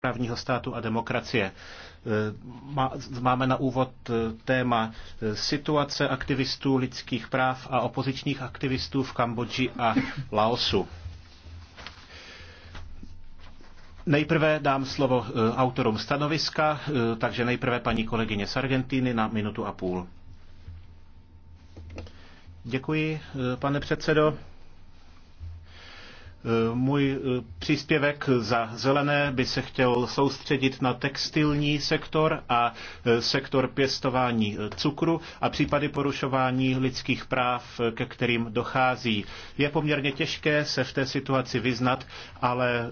právního státu a demokracie. Eh, máme na úvod eh, téma eh, situace aktivistů lidských práv a opozičních aktivistů v Kambodži a Laosu. Nejprve dám slovo autorům stanoviska, takže nejprve paní kolegyně z Argentíny na minutu a půl. Děkuji, pane předsedo. Můj e, příspěvek za zelené by se chtěl soustředit na textilní sektor a e, sektor pěstování e, cukru a případy porušování lidských práv, ke kterým dochází. Je poměrně těžké se v té situaci vyznat, ale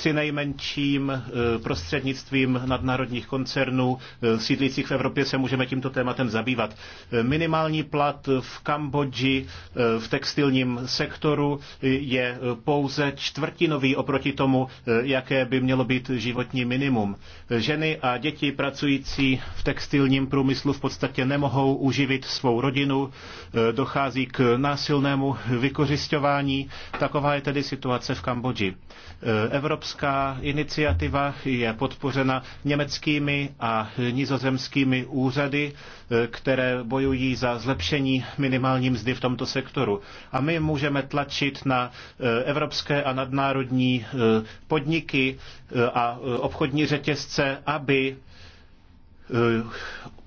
při nejmenším eh, prostřednictvím nadnárodních koncernů eh, sídlících v Evropě se můžeme tímto tématem zabývat. Eh, minimální plat v Kambodži v textilním sektoru je pouze čtvrtinový oproti tomu, jaké by mělo být životní minimum. Ženy a děti pracující v textilním průmyslu v podstatě nemohou uživit svou rodinu, dochází k násilnému vykořišťování. Taková je tedy situace v Kambodži. Evropská Evropská iniciativa je podpořena německými a nizozemskými úřady, eh, které bojují za zlepšení minimální mzdy v tomto sektoru. A my můžeme tlačit na eh, evropské a nadnárodní eh, podniky a obchodní řetězce, aby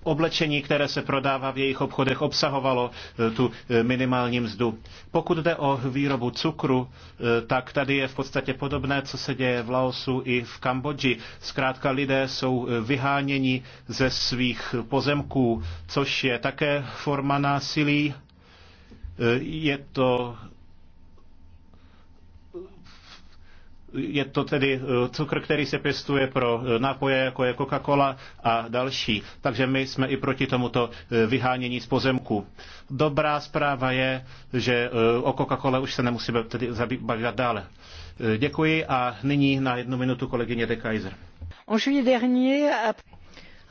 oblečení, které se prodává v jejich obchodech, obsahovalo eh, tu eh, minimální mzdu. Pokud jde o výrobu cukru, eh, tak tady je v podstatě podobné, co se děje v Laosu i v Kambodži. Zkrátka lidé jsou vyháněni ze svých pozemků, což je také forma násilí. Je to je to tedy eh, cukr, který se pěstuje pro eh, nápoje, jako je Coca-Cola a další. Takže my jsme i proti tomuto eh, vyhánění z pozemku. Dobrá zpráva je, že o coca cola už se nemusíme tedy zabývat dále. Děkuji a nyní na jednu minutu kolegyně De Kaiser.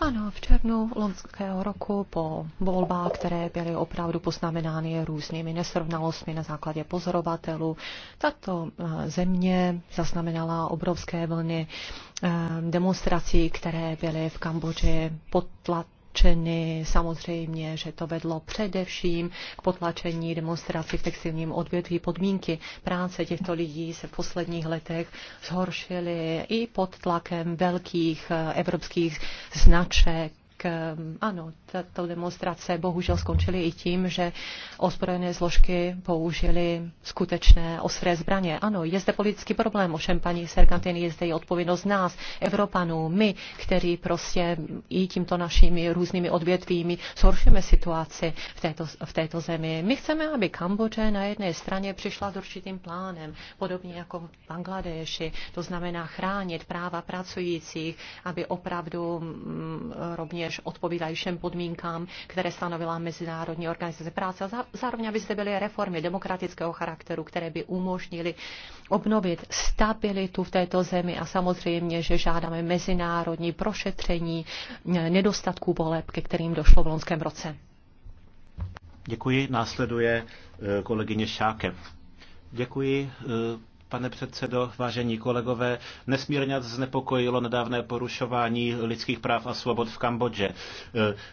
Ano, v červnu loňského roku po volbách, které byly opravdu poznamenány různými nesrovnalostmi na základě pozorovatelů, tato eh, země zaznamenala obrovské vlny eh, demonstrací, které byly v Kambodži potlat potlačeny. Samozřejmě, že to vedlo především k potlačení demonstrací v textilním odvětví. Podmínky práce těchto lidí se v posledních letech zhoršily i pod tlakem velkých eh, evropských značek Eh, ano, tato demonstrace bohužel skončily i tím, že ozbrojené zložky použili skutečné ostré zbraně. Ano, je zde politický problém, ovšem paní Sergantin je zde i odpovědnost nás, Evropanů, my, kteří prostě i tímto našimi různými odvětvími zhoršujeme situaci v této, v této zemi. My chceme, aby Kambodže na jedné straně přišla s určitým plánem, podobně jako v Bangladeši, to znamená chránit práva pracujících, aby opravdu mm, rovněž rovněž odpovídají všem podmínkám, které stanovila Mezinárodní organizace práce. A zároveň, aby zde byly reformy demokratického charakteru, které by umožnily obnovit stabilitu v této zemi a samozřejmě, že žádáme mezinárodní prošetření nedostatků voleb, ke kterým došlo v loňském roce. Děkuji. Následuje eh, kolegyně Šákev. Děkuji, eh, Pane předsedo, vážení kolegové, nesmírně znepokojilo nedávné porušování lidských práv a svobod v Kambodži. Eh,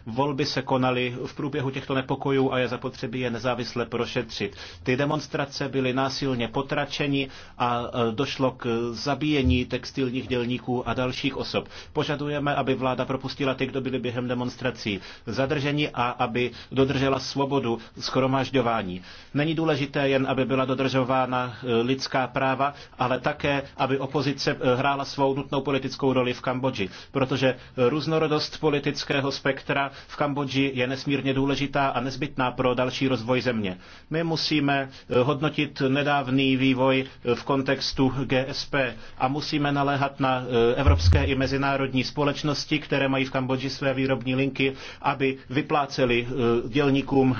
volby se konaly v průběhu těchto nepokojů a je zapotřebí je nezávisle prošetřit. Ty demonstrace byly násilně potračeni a eh, došlo k zabíjení textilních dělníků a dalších osob. Požadujeme, aby vláda propustila ty, kdo byli během demonstrací zadrženi a aby dodržela svobodu schromažďování. Není důležité jen, aby byla dodržována eh, lidská práva, práva, ale také, aby opozice eh, hrála svou nutnou politickou roli v Kambodži. Protože různorodost politického spektra v Kambodži je nesmírně důležitá a nezbytná pro další rozvoj země. My musíme eh, hodnotit nedávný vývoj eh, v kontextu GSP a musíme naléhat na evropské i mezinárodní společnosti, které mají v Kambodži své výrobní linky, aby vypláceli dělníkům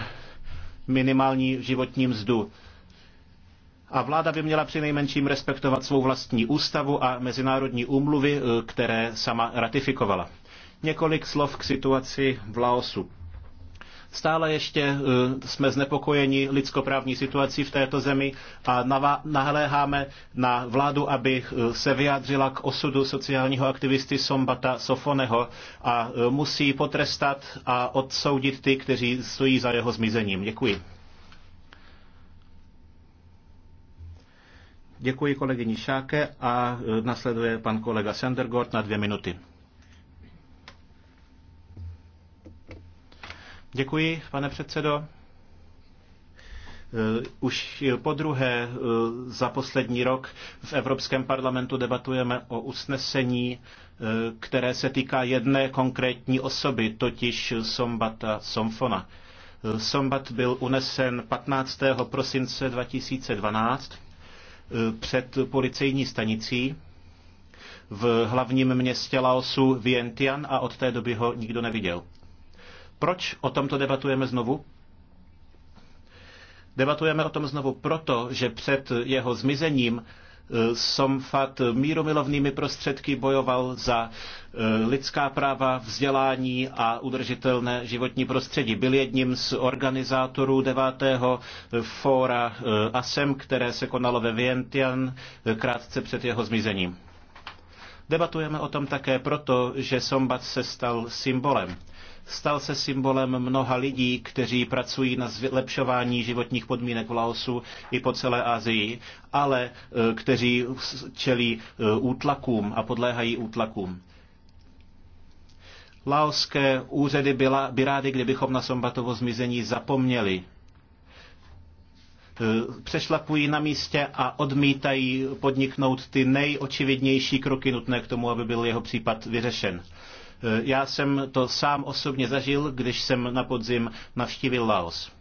minimální životní mzdu a vláda by měla přinejmenším respektovat svou vlastní ústavu a mezinárodní úmluvy, eh, které sama ratifikovala. Několik slov k situaci v Laosu. Stále ještě eh, jsme znepokojeni lidskoprávní situací v této zemi a naléháme na vládu, aby eh, se vyjádřila k osudu sociálního aktivisty Sombata Sofoneho a musí potrestat a odsoudit ty, kteří stojí za jeho zmizením. Děkuji. Děkuji kolegyni Šáke a e, nasleduje pan kolega Sendergort na dvě minuty. Děkuji, pane předsedo. E, už po druhé e, za poslední rok v Evropském parlamentu debatujeme o usnesení, které se týká jedné konkrétní osoby, totiž Sombata Somfona. Sombat byl unesen 15. prosince 2012 Eh, před policejní stanicí v hlavním městě Laosu Vientian a od té doby ho nikdo neviděl. Proč o tomto debatujeme znovu? Debatujeme o tom znovu proto, že před jeho zmizením Somfat míromilovnými prostředky bojoval za e, lidská práva, vzdělání a udržitelné životní prostředí. Byl jedním z organizátorů devátého fóra e, ASEM, které se konalo ve Vientian e, krátce před jeho zmizením. Debatujeme o tom také proto, že Sombat se stal symbolem stal se symbolem mnoha lidí, kteří pracují na zlepšování životních podmínek v Laosu i po celé Asii, ale eh, kteří čelí eh, útlakům a podléhají útlakům laoské úřady byla, by rády, kdybychom na Sombatovo zmizení zapomněli. Eh, přešlapují na místě a odmítají podniknout ty nejočividnější kroky nutné k tomu, aby byl jeho případ vyřešen. Eh, já jsem to sám osobně zažil, když jsem na podzim navštívil Laos.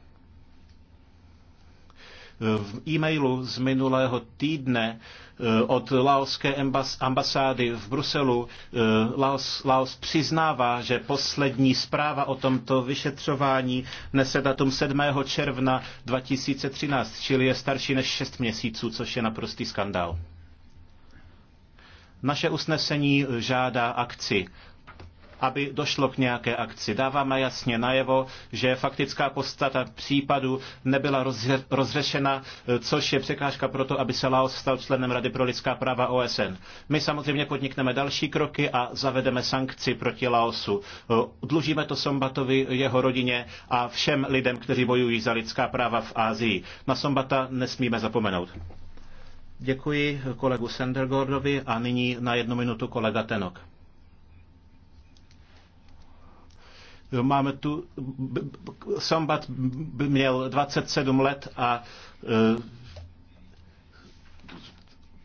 Eh, v e-mailu z minulého týdne eh, od laoské ambasády v Bruselu Laos, Laos přiznává, že poslední zpráva o tomto vyšetřování nese datum 7. června 2013, čili je starší než 6 měsíců, což je naprostý skandál. Naše usnesení žádá akci aby došlo k nějaké akci. Dáváme jasně najevo, že faktická podstata případu nebyla rozře- rozřešena, eh, což je překážka pro to, aby se Laos stal členem Rady pro lidská práva OSN. My samozřejmě podnikneme další kroky a zavedeme sankci proti Laosu. Eh, dlužíme to Sombatovi, jeho rodině a všem lidem, kteří bojují za lidská práva v Ázii. Na Sombata nesmíme zapomenout. Děkuji kolegu Sandergordovi a nyní na jednu minutu kolega Tenok. Máme tu, Sambat měl 27 let a e,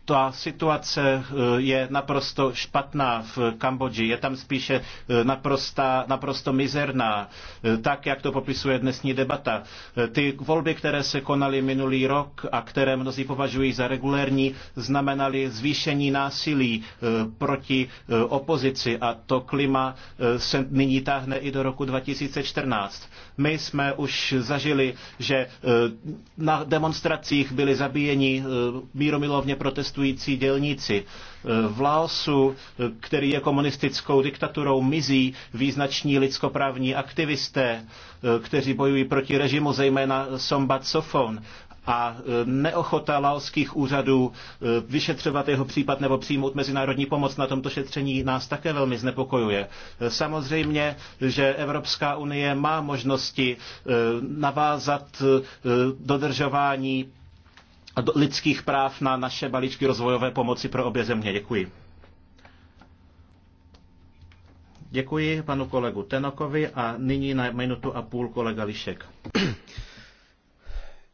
ta situace eh, je naprosto špatná v Kambodži. Je tam spíše eh, naprosta, naprosto mizerná, eh, tak jak to popisuje dnesní debata. Ty volby, které se konaly minulý rok a které mnozí považují za regulérní, znamenaly zvýšení násilí proti opozici a to klima se nyní táhne i do roku 2014. My jsme už zažili, že na demonstracích byli zabíjeni míromilovně protestující protestující dělníci. E, v Laosu, e, který je komunistickou diktaturou, mizí význační lidskoprávní aktivisté, e, kteří bojují proti režimu, zejména Sombat Sofon a neochota laoských úřadů vyšetřovat jeho případ nebo přijmout mezinárodní pomoc na tomto šetření nás také velmi znepokojuje. Samozřejmě, že Evropská unie má možnosti navázat dodržování lidských práv na naše balíčky rozvojové pomoci pro obě země. Děkuji. Děkuji panu kolegu Tenokovi a nyní na minutu a půl kolega Lišek.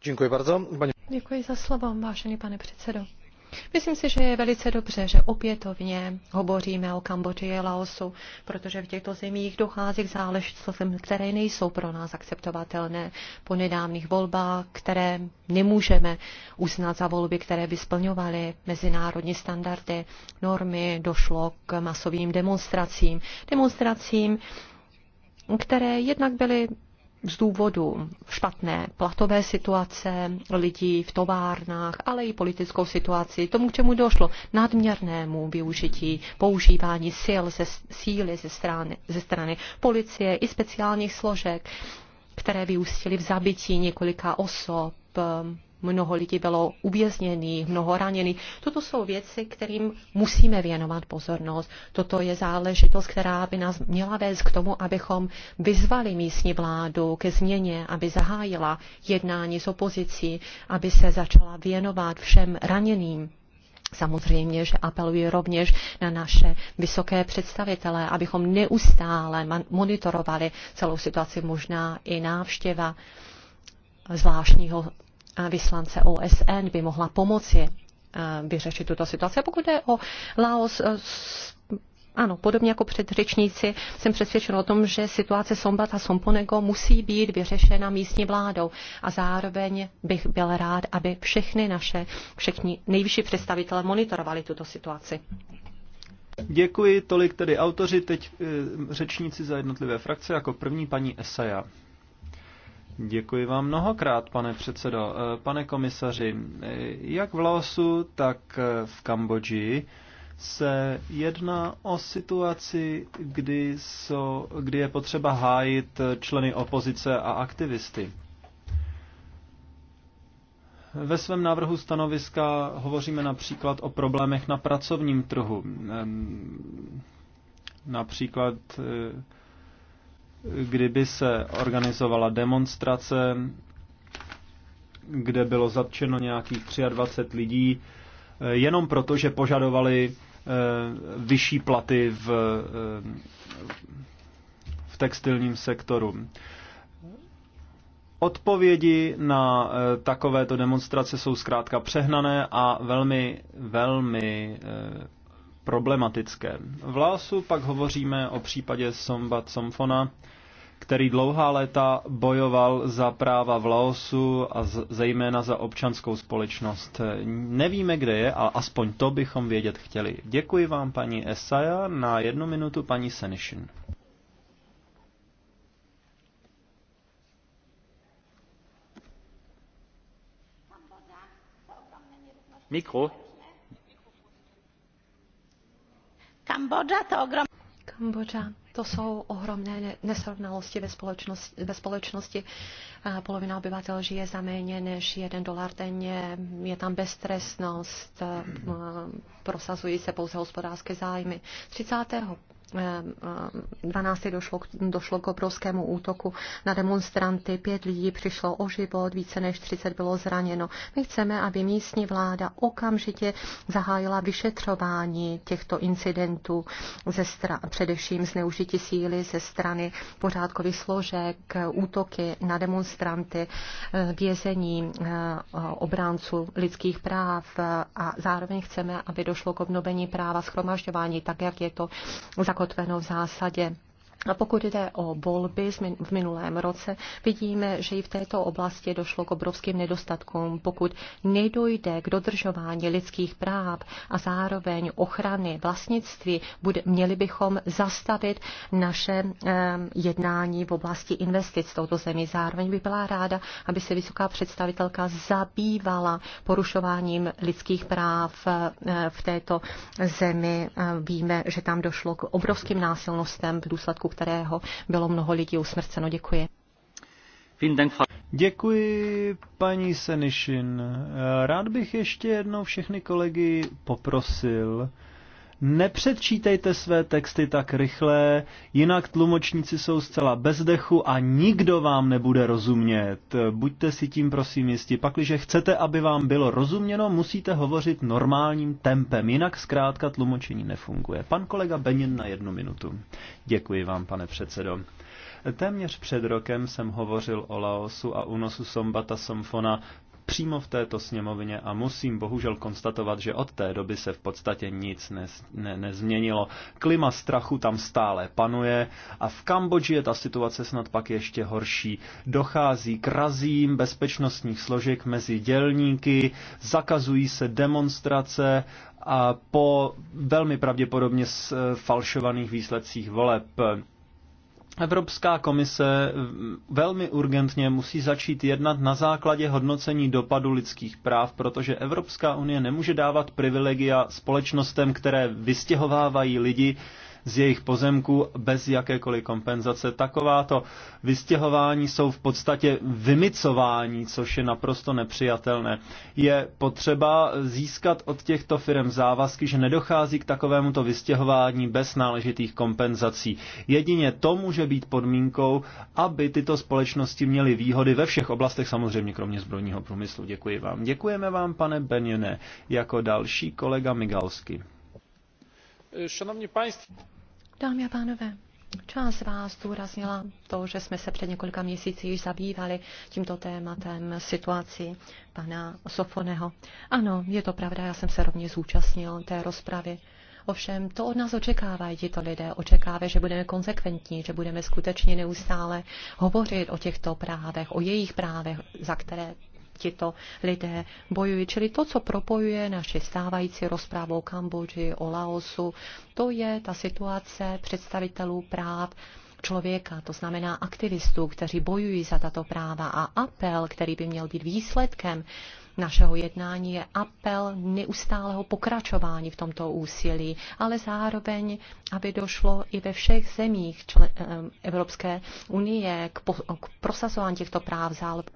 Děkuji bardzo. Děkuji za slovo, vážený pane předsedo. Myslím si, že je velice dobře, že opětovně hovoříme o Kambodži a Laosu, protože v těchto zemích dochází k záležitostem, které nejsou pro nás akceptovatelné po nedávných volbách, které nemůžeme uznat za volby, které by splňovaly mezinárodní standardy, normy, došlo k masovým demonstracím. Demonstracím, které jednak byly z důvodu špatné platové situace lidí v továrnách, ale i politickou situaci, tomu, k čemu došlo, nadměrnému využití, používání sil ze, síly ze strany, ze strany policie i speciálních složek, které vyústily v zabití několika osob, mnoho lidí bylo uvězněných, mnoho raněných. Toto jsou věci, kterým musíme věnovat pozornost. Toto je záležitost, která by nás měla vést k tomu, abychom vyzvali místní vládu ke změně, aby zahájila jednání s opozicí, aby se začala věnovat všem raněným. Samozřejmě, že apeluji rovněž na naše vysoké představitele, abychom neustále monitorovali celou situaci, možná i návštěva zvláštního vyslance OSN by mohla pomoci eh, vyřešit tuto situaci. A pokud je o Laos, eh, ano, podobně jako předřečníci, jsem přesvědčen o tom, že situace Sombat a Somponego musí být vyřešena místní vládou. A zároveň bych byl rád, aby všechny naše, všechny nejvyšší představitelé monitorovali tuto situaci. Děkuji, tolik tedy autoři, teď eh, řečníci za jednotlivé frakce, jako první paní Esaja. Děkuji vám mnohokrát, pane předsedo. Eh, pane komisaři, eh, jak v Laosu, tak eh, v Kambodži se jedná o situaci, kdy, so, kdy je potřeba hájit členy opozice a aktivisty. Ve svém návrhu stanoviska hovoříme například o problémech na pracovním trhu. Ehm, například kdyby se organizovala demonstrace, kde bylo zatčeno nějakých 23 lidí, eh, jenom proto, že požadovali eh, vyšší platy v, eh, v textilním sektoru. Odpovědi na takovéto demonstrace jsou zkrátka přehnané a velmi, velmi problematické. V Laosu pak hovoříme o případě Somba Somfona, který dlouhá léta bojoval za práva v Laosu a zejména za občanskou společnost. Nevíme, kde je, ale aspoň to bychom vědět chtěli. Děkuji vám, paní Esaja, na jednu minutu paní Senishin. Mikro. Kambodža to ogrom... Kambodža, to jsou ohromné nesrovnalosti ve společnosti. Ve společnosti. Polovina obyvatel žije za méně než jeden dolar denně, je tam beztresnost, prosazují se pouze hospodářské zájmy. 30. 12. Ehm, ehm, došlo, došlo k obrovskému útoku na demonstranty, pět lidí přišlo o život, více než 30 bylo zraněno. My chceme, aby místní vláda okamžitě zahájila vyšetřování těchto incidentů, ze stra- především zneužití síly ze strany pořádkových složek, útoky na demonstranty, eh, vězení eh, obránců lidských práv eh, a zároveň chceme, aby došlo k obnovení práva schromažďování, tak jak je to zakotveno zakotveno v zásadě a pokud jde o volby v minulém roce, vidíme, že i v této oblasti došlo k obrovským nedostatkům. Pokud nedojde k dodržování lidských práv a zároveň ochrany vlastnictví, bude, měli bychom zastavit naše jednání v oblasti investic touto zemi. Zároveň by byla ráda, aby se vysoká představitelka zabývala porušováním lidských práv e, v této zemi. E, víme, že tam došlo k obrovským násilnostem v důsledku u kterého bylo mnoho lidí usmrceno. Děkuji. Děkuji, paní Senišin. Rád bych ještě jednou všechny kolegy poprosil, nepředčítejte své texty tak rychle, jinak tlumočníci jsou zcela bez dechu a nikdo vám nebude rozumět. Buďte si tím prosím jistí. Pakliže chcete, aby vám bylo rozuměno, musíte hovořit normálním tempem, jinak zkrátka tlumočení nefunguje. Pan kolega Benin na jednu minutu. Děkuji vám, pane předsedo. Téměř před rokem jsem hovořil o Laosu a únosu Sombata Somfona přímo v této sněmovně a musím bohužel konstatovat, že od té doby se v podstatě nic ne, ne, nezměnilo. Klima strachu tam stále panuje a v Kambodži je ta situace snad pak ještě horší. Dochází k razím bezpečnostních složek mezi dělníky, zakazují se demonstrace a po velmi pravděpodobně s e, falšovaných výsledcích voleb Evropská komise velmi urgentně musí začít jednat na základě hodnocení dopadu lidských práv, protože Evropská unie nemůže dávat privilegia společnostem, které vystěhovávají lidi z jejich pozemků bez jakékoliv kompenzace. Takováto vystěhování jsou v podstatě vymicování, což je naprosto nepřijatelné. Je potřeba získat od těchto firm závazky, že nedochází k takovémuto vystěhování bez náležitých kompenzací. Jedině to může být podmínkou, aby tyto společnosti měly výhody ve všech oblastech, samozřejmě kromě zbrojního průmyslu. Děkuji vám. Děkujeme vám, pane Benjene, jako další kolega Migalsky. Szanowni Państwo. Dámy a pánové, Část z vás zdůraznila to, že jsme se před několika měsíci již zabývali tímto tématem situaci pana Sofoneho. Ano, je to pravda, já jsem se rovně zúčastnil té rozpravy. Ovšem, to od nás očekávají tito lidé. Očekávají, že budeme konsekventní, že budeme skutečně neustále hovořit o těchto právech, o jejich právech, za které tito lidé bojují. Čili to, co propojuje naše stávající rozprávu o Kambodži, o Laosu, to je ta situace představitelů práv člověka, to znamená aktivistů, kteří bojují za tato práva a apel, který by měl být výsledkem našeho jednání je apel neustálého pokračování v tomto úsilí, ale zároveň, aby došlo i ve všech zemích Evropské unie k, po, k prosazování těchto práv.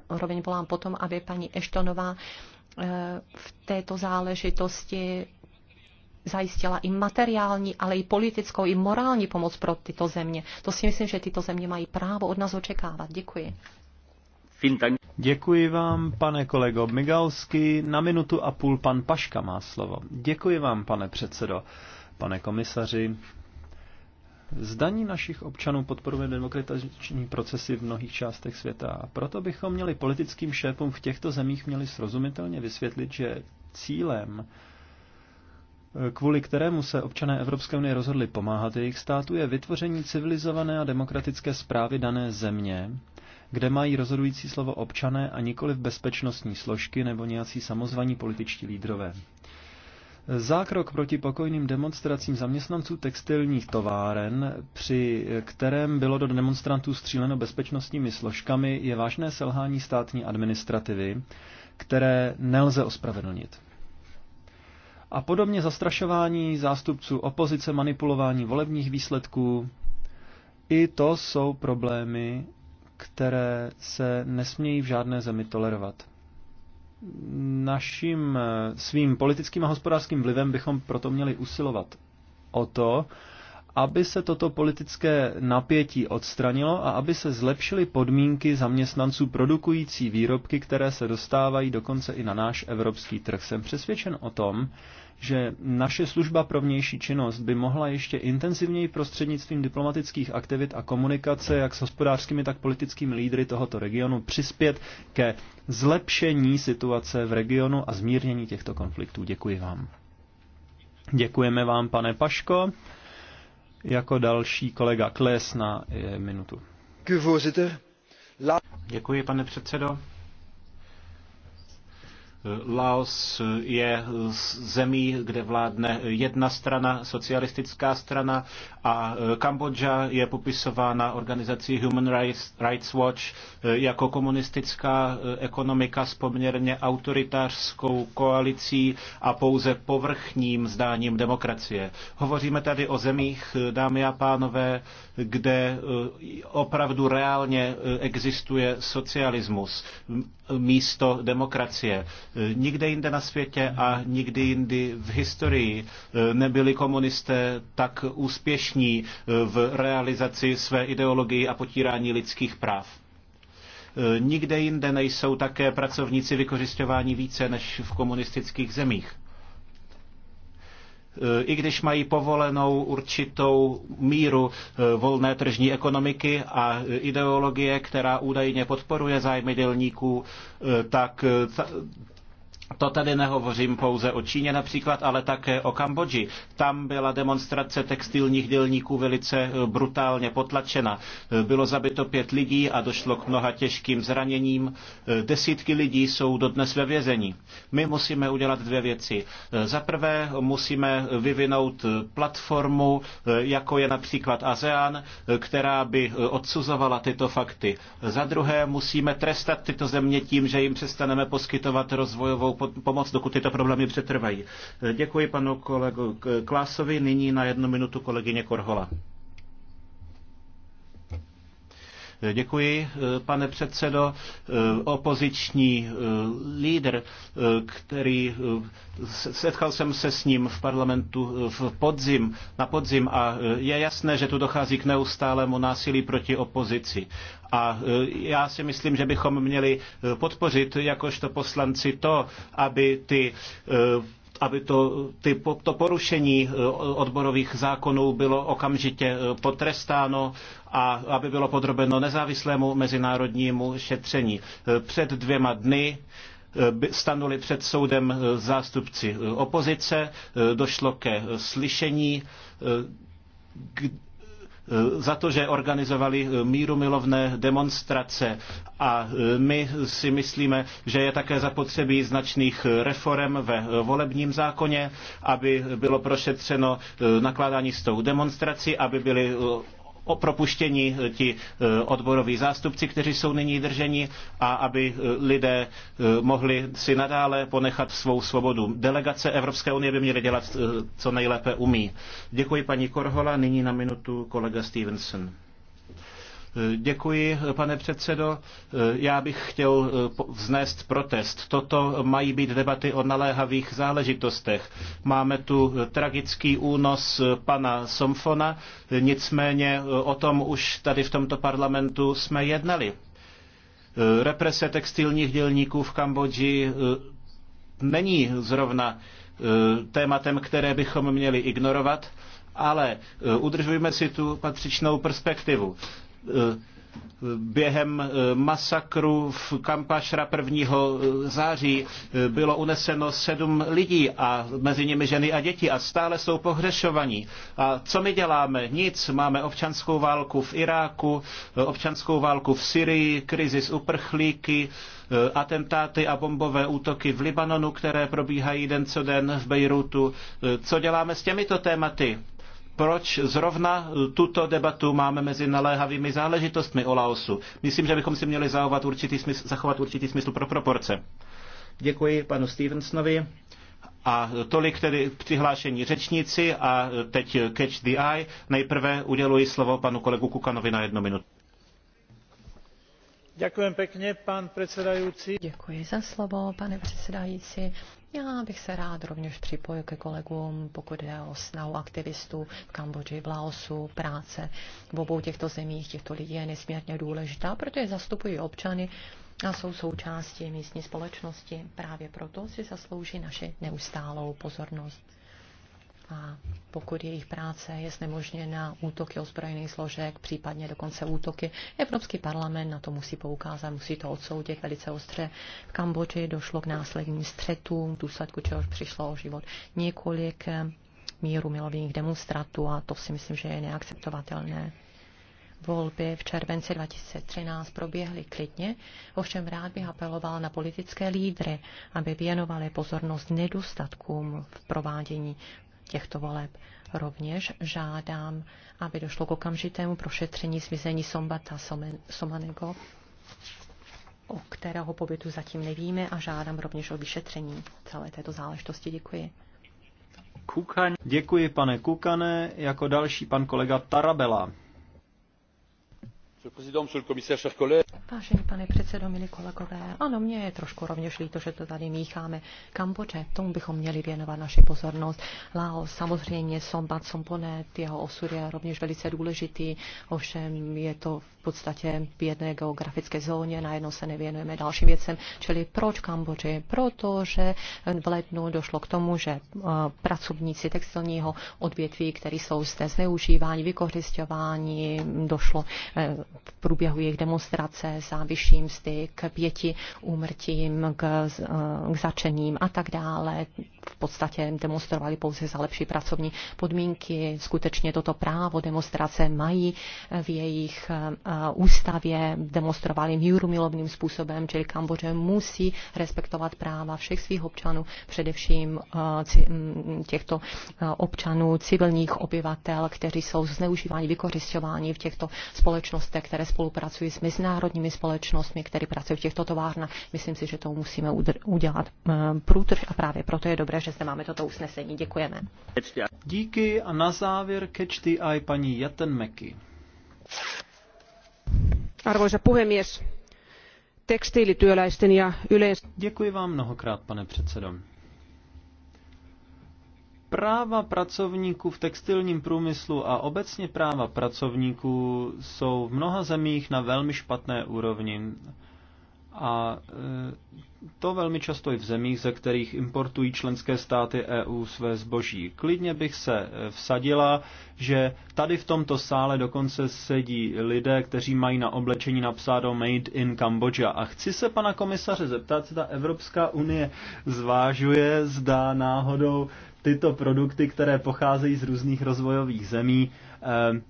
Zároveň volám potom, aby paní Eštonová eh, v této záležitosti zajistila i materiální, ale i politickou, i morální pomoc pro tyto země. To si myslím, že tyto země mají právo od nás očekávat. Děkuji. Děkuji vám, pane kolego Migalsky. Na minutu a půl pan Paška má slovo. Děkuji vám, pane předsedo, pane komisaři. Zdaní našich občanů podporuje demokratizační procesy v mnohých částech světa a proto bychom měli politickým šéfům v těchto zemích měli srozumitelně vysvětlit, že cílem kvůli kterému se občané Evropské unie rozhodli pomáhat jejich státu, je vytvoření civilizované a demokratické zprávy dané země, kde mají rozhodující slovo občané a nikoli v bezpečnostní složky nebo nějací samozvaní političtí lídrové. Zákrok proti pokojným demonstracím zaměstnanců textilních továren, při kterém bylo do demonstrantů stříleno bezpečnostními složkami, je vážné selhání státní administrativy, které nelze ospravedlnit. A podobně zastrašování zástupců opozice, manipulování volebních výsledků, i to jsou problémy, které se nesmějí v žádné zemi tolerovat. Naším svým politickým a hospodářským vlivem bychom proto měli usilovat o to, aby se toto politické napětí odstranilo a aby se zlepšily podmínky zaměstnanců produkující výrobky, které se dostávají dokonce i na náš evropský trh. Jsem přesvědčen o tom, že naše služba pro vnější činnost by mohla ještě intenzivněji prostřednictvím diplomatických aktivit a komunikace, jak s hospodářskými, tak politickými lídry tohoto regionu, přispět ke zlepšení situace v regionu a zmírnění těchto konfliktů. Děkuji vám. Děkujeme vám, pane Paško. Jako další kolega Kles na eh, minutu. Děkuji, pane předsedo. Laos je zemí, kde vládne jedna strana, socialistická strana, a Kambodža je popisována organizací Human Rights Watch jako komunistická ekonomika s poměrně autoritářskou koalicí a pouze povrchním zdáním demokracie. Hovoříme tady o zemích, dámy a pánové, kde opravdu reálně existuje socialismus místo demokracie. Nikde jinde na světě a nikdy jindy v historii eh, nebyli komunisté tak úspěšní eh, v realizaci své ideologii a potírání lidských práv. Eh, nikde jinde nejsou také pracovníci vykořišťováni více než v komunistických zemích. Eh, i když mají povolenou určitou míru eh, volné tržní ekonomiky a eh, ideologie, která údajně podporuje zájmy dělníků, tak to tady nehovořím pouze o Číně například, ale také o Kambodži. Tam byla demonstrace textilních dělníků velice eh, brutálně potlačena. Eh, bylo zabito pět lidí a došlo k mnoha těžkým zraněním. Eh, desítky lidí jsou dodnes ve vězení. My musíme udělat dvě věci. Za prvé musíme vyvinout platformu, jako je například ASEAN, která by odsuzovala tyto fakty. Za druhé musíme trestat tyto země tím, že jim přestaneme poskytovat rozvojovou pomoc, dokud tyto problémy přetrvají. Děkuji panu kolegu Klásovi, nyní na jednu minutu kolegyně Korhola. Děkuji, eh, pane předsedo. Eh, opoziční eh, lídr, který setkal jsem se s ním v parlamentu v podzim, na podzim a je jasné, že tu dochází k neustálému násilí proti opozici. A já si myslím, že bychom měli podpořit jakožto poslanci to, aby ty aby to, ty, to porušení eh, odborových zákonů bylo okamžitě eh, potrestáno a aby bylo podrobeno nezávislému mezinárodnímu šetření. Eh, před dvěma dny stanuli před soudem zástupci opozice, došlo ke slyšení, Eh, za to, že organizovali eh, mírumilovné demonstrace. A eh, my si myslíme, že je také zapotřebí značných reform ve volebním zákoně, aby bylo prošetřeno nakládání s tou demonstrací, aby byly propuštěni e, ti e, odboroví zástupci, kteří jsou nyní drženi a aby e, lidé mohli si nadále ponechat svou svobodu. Delegace Evropské unie by měly dělat, co nejlépe umí. Děkuji paní Korhola, nyní na minutu kolega Stevenson. Děkuji, pane předsedo. Já bych chtěl eh, vznést protest. Toto mají být debaty o naléhavých záležitostech. Máme tu eh, tragický únos eh, pana Somfona, nicméně o tom už tady v tomto parlamentu jsme jednali. Represe textilních dělníků v Kambodži není zrovna tématem, které bychom měli ignorovat ale udržujme si tu patřičnou perspektivu. Eh, během eh, masakru v Kampašra 1. Eh, září bylo uneseno sedm lidí a mezi nimi ženy a děti a stále jsou pohřešovaní. A co my děláme? Nic. Máme občanskou válku v Iráku, občanskou válku v Syrii, krizi z uprchlíky, atentáty a bombové útoky v Libanonu, které probíhají den co den v Bejrutu. Co děláme s těmito tématy? proč zrovna tuto debatu máme mezi naléhavými záležitostmi o Laosu. Myslím, že bychom si měli určitý smysl, zachovat určitý smysl pro proporce. Děkuji panu Stevensonovi. A tolik tedy přihlášení řečníci a teď catch the eye. Nejprve uděluji slovo panu kolegu Kukanovi na jednu minutu. Děkuji pěkně, pan předsedající. Děkuji za slovo, pane předsedající. Já bych se rád rovněž připojil ke kolegům, pokud jde o snahu aktivistů v Kambodži, v Laosu, práce v obou těchto zemích. Těchto lidí je nesmírně důležitá, protože zastupují občany a jsou součástí místní společnosti. Právě proto si zaslouží naši neustálou pozornost a pokud jejich práce je znemožněna útoky ozbrojených složek, případně dokonce útoky, Evropský parlament na to musí poukázat, musí to odsoudit velice ostře. V Kambodži došlo k následním střetům, v důsledku čehož přišlo o život několik eh, míru milovných demonstratů a to si myslím, že je neakceptovatelné. Volby v červenci 2013 proběhly klidně, ovšem rád bych apeloval na politické lídry, aby věnovali pozornost nedostatkům v provádění těchto voleb. Rovněž žádám, aby došlo k okamžitému prošetření zmizení Sombata Somanego, o kterého pobytu zatím nevíme a žádám rovněž o vyšetření celé této záležitosti. Děkuji. Kukan. Děkuji, pane Kukane. Jako další pan kolega Tarabela. Vážený pane předsedo, milí kolegové, ano, mně je trošku rovněž líto, že to tady mícháme. Kambodže, tomu bychom měli věnovat naši pozornost. Laos, samozřejmě, Sombat Somponet, jeho osud je rovněž velice důležitý, ovšem je to v podstatě v jedné geografické zóně, najednou se nevěnujeme dalším věcem. Čili proč Kambodži? Protože v lednu došlo k tomu, že eh, pracovníci textilního odvětví, kteří jsou zde zneužíváni, vykořisťováni, došlo eh, v průběhu jejich demonstrace za vyšší mzdy, k pěti úmrtím, k, eh, k začením a tak dále v podstatě demonstrovali pouze za lepší pracovní podmínky. Skutečně toto právo demonstrace mají v jejich eh, ústavě, demonstrovali milovným způsobem, čili Kambodže musí respektovat práva všech svých občanů, především eh, mm, těchto eh, občanů, civilních obyvatel, kteří jsou zneužíváni, vykořišťováni v těchto společnostech, které spolupracují s mezinárodními společnostmi, které pracují v těchto továrnách. Myslím si, že to musíme udělat průtrž a právě proto je dobré dobré, že zde máme toto usnesení. Děkujeme. Díky a na závěr catch the eye paní meky Arvoisa puhemies, tekstiilityöläisten ja yleensä... Děkuji vám mnohokrát, pane předsedo. Práva pracovníků v textilním průmyslu a obecně práva pracovníků jsou v mnoha zemích na velmi špatné úrovni. A e, to velmi často i v zemích, ze kterých importují členské státy EU své zboží. Klidně bych se e, vsadila, že tady v tomto sále dokonce sedí lidé, kteří mají na oblečení napsáno Made in Cambodia. A chci se pana komisaře zeptat, zda Evropská unie zvážuje, zda náhodou tyto produkty, které pocházejí z různých rozvojových zemí, eh,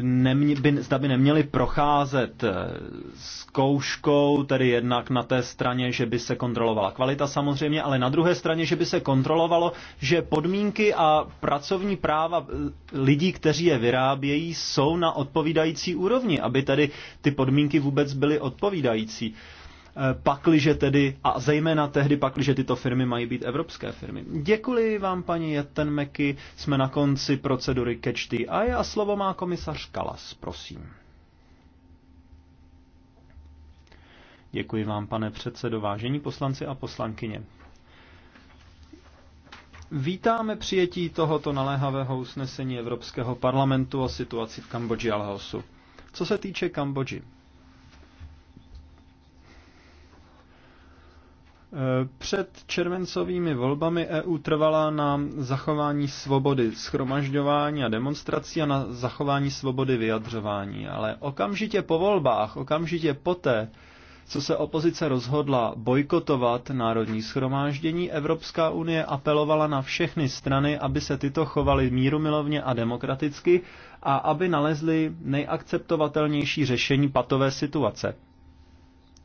nemě, by, zda by neměli procházet eh, zkouškou, tedy jednak na té straně, že by se kontrolovala kvalita samozřejmě, ale na druhé straně, že by se kontrolovalo, že podmínky a pracovní práva eh, lidí, kteří je vyrábějí, jsou na odpovídající úrovni, aby tedy ty podmínky vůbec byly odpovídající. Eh, pakliže tedy, a zejména tehdy pakliže tyto firmy mají být evropské firmy. Děkuji vám, paní Jettenmeky, jsme na konci procedury Catch the Eye a slovo má komisař Kalas, prosím. Děkuji vám, pane předsedo, vážení poslanci a poslankyně. Vítáme přijetí tohoto naléhavého usnesení Evropského parlamentu o situaci v Kambodži a Laosu. Co se týče Kambodži, Před červencovými volbami EU trvala na zachování svobody schromažďování a demonstrací a na zachování svobody vyjadřování. Ale okamžitě po volbách, okamžitě poté, co se opozice rozhodla bojkotovat národní schromáždění, Evropská unie apelovala na všechny strany, aby se tyto chovaly mírumilovně a demokraticky a aby nalezly nejakceptovatelnější řešení patové situace.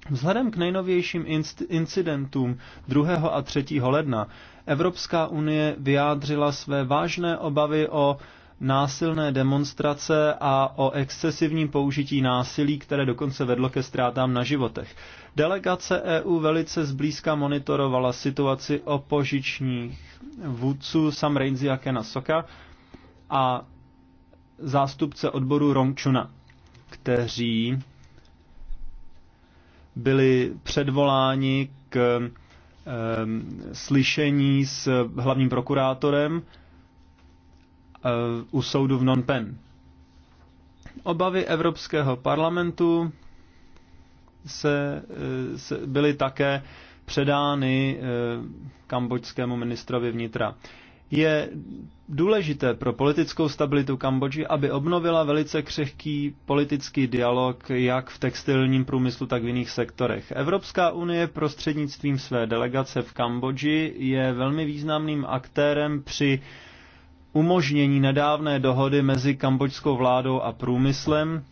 Vzhledem k nejnovějším incidentům 2. a 3. ledna Evropská unie vyjádřila své vážné obavy o násilné demonstrace a o excesivním použití násilí, které dokonce vedlo ke ztrátám na životech. Delegace EU velice zblízka monitorovala situaci opožičních vůdců Sam Rainsy a Kena Soka a zástupce odboru Romčuna, kteří byli předvoláni k slyšení s hlavním prokurátorem eh, u soudu v Nonpen. Obavy Evropského parlamentu se, eh, se byly také předány eh, kambočskému ministrovi vnitra je důležité pro politickou stabilitu Kambodži, aby obnovila velice křehký politický dialog jak v textilním průmyslu, tak v jiných sektorech. Evropská unie prostřednictvím své delegace v Kambodži je velmi významným aktérem při umožnění nedávné dohody mezi kambodžskou vládou a průmyslem,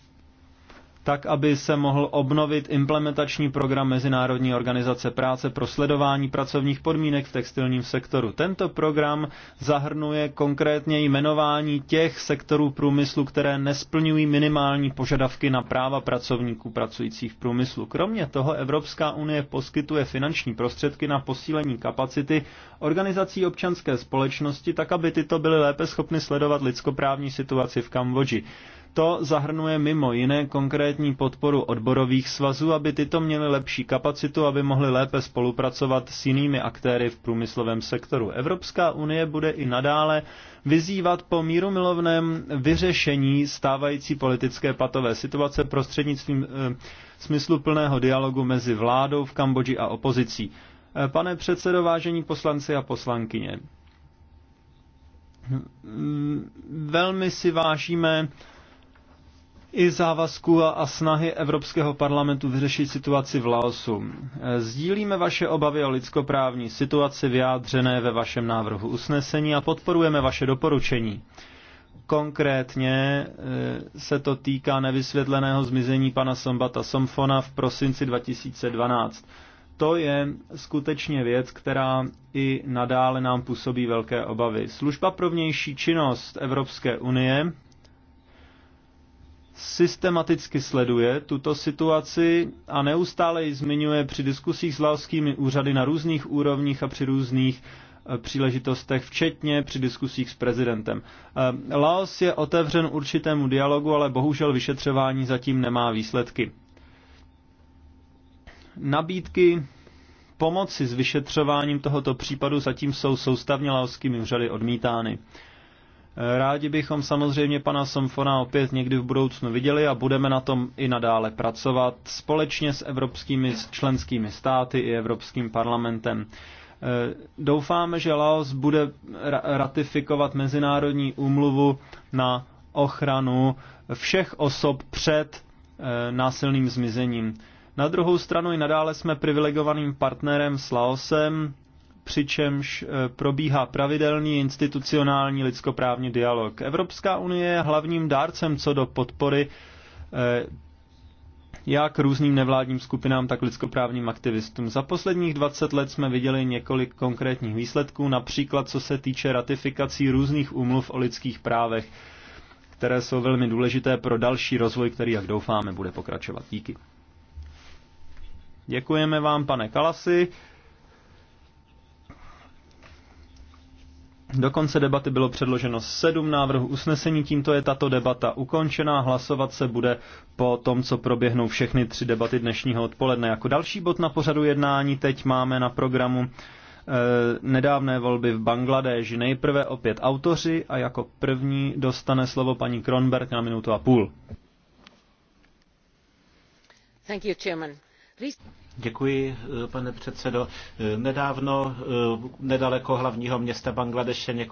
tak aby se mohl obnovit implementační program Mezinárodní organizace práce pro sledování pracovních podmínek v textilním sektoru. Tento program zahrnuje konkrétně jmenování těch sektorů průmyslu, které nesplňují minimální požadavky na práva pracovníků pracujících v průmyslu. Kromě toho Evropská unie poskytuje finanční prostředky na posílení kapacity organizací občanské společnosti, tak aby tyto byly lépe schopny sledovat lidskoprávní situaci v Kambodži. To zahrnuje mimo jiné konkrétní podporu odborových svazů, aby tyto měly lepší kapacitu, aby mohly lépe spolupracovat s jinými aktéry v průmyslovém sektoru. Evropská unie bude i nadále vyzývat po míru milovném vyřešení stávající politické patové situace prostřednictvím e, eh, smysluplného dialogu mezi vládou v Kambodži a opozicí. E, pane předsedo, vážení poslanci a poslankyně, hm, hm, velmi si vážíme i závazků a snahy Evropského parlamentu vyřešit situaci v Laosu. E, sdílíme vaše obavy o lidskoprávní situaci vyjádřené ve vašem návrhu usnesení a podporujeme vaše doporučení. Konkrétně e, se to týká nevysvětleného zmizení pana Sombata Somfona v prosinci 2012. To je skutečně věc, která i nadále nám působí velké obavy. Služba pro vnější činnost Evropské unie systematicky sleduje tuto situaci a neustále ji zmiňuje při diskusích s laoskými úřady na různých úrovních a při různých eh, příležitostech, včetně při diskusích s prezidentem. Eh, Laos je otevřen určitému dialogu, ale bohužel vyšetřování zatím nemá výsledky. Nabídky pomoci s vyšetřováním tohoto případu zatím jsou soustavně laoskými úřady odmítány. Rádi bychom samozřejmě pana Somfona opět někdy v budoucnu viděli a budeme na tom i nadále pracovat společně s evropskými s členskými státy i Evropským parlamentem. Eh, doufáme, že Laos bude ratifikovat mezinárodní úmluvu na ochranu všech osob před eh, násilným zmizením. Na druhou stranu i nadále jsme privilegovaným partnerem s Laosem, přičemž eh, probíhá pravidelný institucionální lidskoprávní dialog. Evropská unie je hlavním dárcem co do podpory eh, jak různým nevládním skupinám, tak lidskoprávním aktivistům. Za posledních 20 let jsme viděli několik konkrétních výsledků, například co se týče ratifikací různých umluv o lidských právech, které jsou velmi důležité pro další rozvoj, který, jak doufáme, bude pokračovat. Díky. Děkujeme vám, pane Kalasi. Do konce debaty bylo předloženo sedm návrhů usnesení, tímto je tato debata ukončená. Hlasovat se bude po tom, co proběhnou všechny tři debaty dnešního odpoledne. Jako další bod na pořadu jednání teď máme na programu eh, nedávné volby v Bangladeži. Nejprve opět autoři a jako první dostane slovo paní Kronberg na minutu a půl. Thank you, chairman. Děkuji, eh, pane předsedo. Eh, nedávno eh, nedaleko hlavního města Bangladeše několik